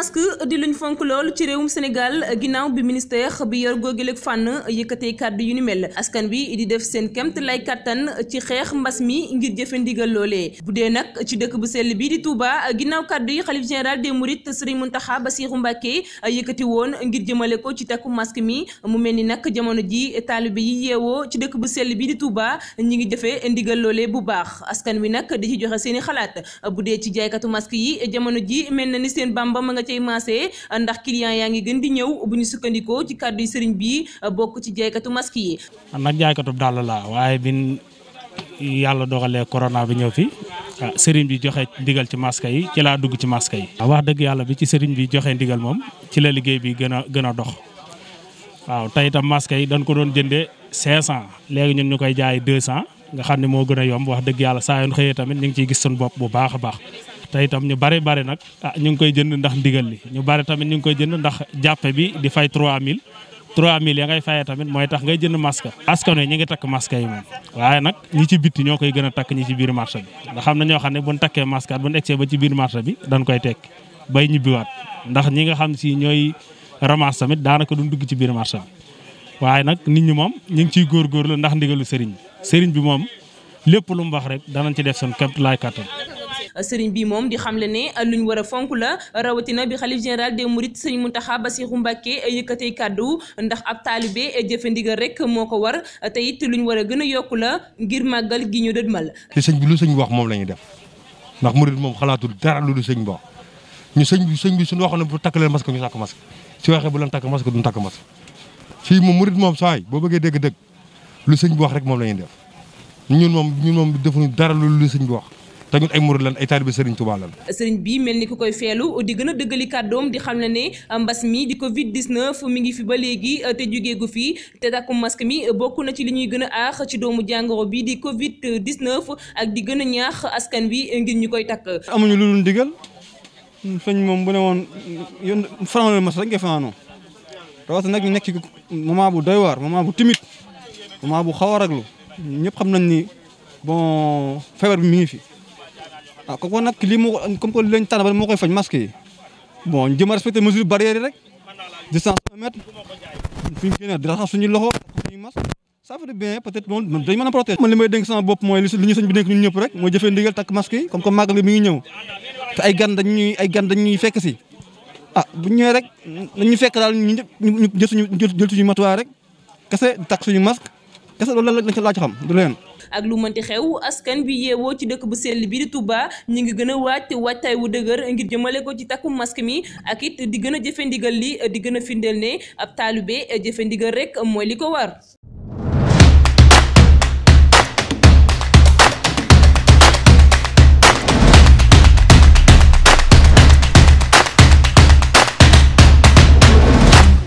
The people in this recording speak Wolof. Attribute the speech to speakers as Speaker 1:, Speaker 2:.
Speaker 1: masque di luñ fonk lool ci réewum Sénégal ginnaaw bi ministère bi yor googileeg fànn yëkkatee kàddu yu ni mel askan bi di def seen kemt lay kàttan ci xeex mbas mi ngir jëfe ndigal loolee bu dee nag ci dëkk bu sell bii di Touba ginnaaw kàddu yi xalif général des Mourides Serigne Mountakha Bassirou Mbacké yëkkati woon ngir jëmale ko ci takku masque mi mu mel ni nag jamono ji taalibe yi yeewoo ci dëkk bu sell bii di Touba ñi ngi jëfee ndigal loolee bu baax askan wi nag di ci joxe seen i xalaat bu dee ci jaaykatu mask yi jamono ji mel na ni seen bamba ma nga cay maasee ndax client yaa ngi gën di ñëw bu ñu sukkandikoo ci kàddu sëriñ bi bokk ci jaaykatu masque yi.
Speaker 2: man nag jaaykatu laa waaye bin yàlla dogalee corona bi ñëw fi ah, sëriñ bi joxe ndigal ci masque yi ci laa dugg ci masque yi. Ah, wax dëgg yàlla bi ci sëriñ bi joxe ndigal moom ci la liggéey bi gën a gën a dox waaw tey itam masque yi dañ ko doon jëndee 500 léegi ñun ñu koy jaay 200 nga xam ne moo gën a yomb wax dëgg yàlla saa yoon xëyee tamit ñu ngi ciy gis suñu bopp bu baax a baax. tey itam ñu bari bari nag ah, ñu ngi koy jënd ndax ndigal li ñu bari tamit ñu ngi koy jënd ndax jàppe bi di fay trois 3000 ya ngay faye tamit mooy tax ngay jënd masque askan wi ñu ngi takk masque yi moom waaye nag ñi ci bitti ñoo koy gën a takk ñi ci biir marché bi ndax xam na ñoo xam ne buñ takkee masque at buñ egsee ba ci biir bi dañ koy tekk bay ñibbiwaat ndax ñi nga xam si ñooy ramas tamit daanaka duñ dugg ci biir marché bi waaye nag nit ñi moom ñu ngi ciy la ndax ndigalu sëriñ bi sëriñ bi moom lépp lu mu wax rek danañ ci def seen kéemtulaay kattan
Speaker 1: sëriñ bi moom di xamle ne luñ war a fonk la rawatina bi xalif général des mourides sëriñ Mountakha Bassirou Mbacké yëkkatee kàddu ndax ab taalibe jëfe ndigal rek moo ko war te it luñ war a gën a yokku la ngir màggal gi ñu dëdmal
Speaker 2: ma sëñ bi lu sëñ bi moom la ñuy def ndax murid moom xalaatul dara lu sëñ bi ñu sëñ bi sëñ bi suñu waxoon ne bu takk leen masque ñu takk masque su waxee bu leen takk masque duñ takk masque fii moom moom saay boo bëggee dégg dëgg lu sëñ bi wax rek moom la def ñun moom ñun moom defuñu dara lu lu sëñ bi wax te ñun ay murid lan ay taalibe Serigne Touba lan
Speaker 1: sëriñ bi mel ni ku koy feelu di gën a dëggali kàddoom di xam ne ne euh, mbas mi di Covid 19 mi ngi fi ba léegi euh, te jógee gu fi te takku masque mi euh, bokk na ci li ñuy gën a aax ci doomu jàngoro bi di Covid 19 ak di gën a ñaax askan bi ngir ñu koy takk. amuñu lu dul
Speaker 3: ndigal sëñ moom bu ne woon yéen fanaanoo mas rek nga fanaanoo rawatina nag ñu nekk ci moment bu doy waar moment bu timide moment bu xaw a raglu ñëpp xam nañ ni bon feebar bi mi ngi fi. waaw ah, comme nag lii moo comme que lañ tànn ba moo koy faj masque yi bon ñu jëm a respecté rek distance un mètre fi di raxas loxo suñuy masque ça fait bien peut être moom dañ a bopp mooy li ñu bi dénk ñun ñëpp rek mooy jëfee ndigal takk masque yi comme que màggal gi mi ngi ñëw te ay gan dañuy ay fekk si ah bu ñëwee rek dañuy fekk daal ñu suñu jël rek kese takk suñu masque kese loolu lañ ci laaj xam du leen
Speaker 1: ak lu mënti xew askan bi yeewoo ci dëkk bu sell bi di Touba ñu ngi gën a waaj waajtaay wu dëgër ngir jëmale ko ci takku masque mi ak it di gën a jëfe ndigal li di gën a findeel ne ab taalibe jëfe ndigal rek mooy li ko war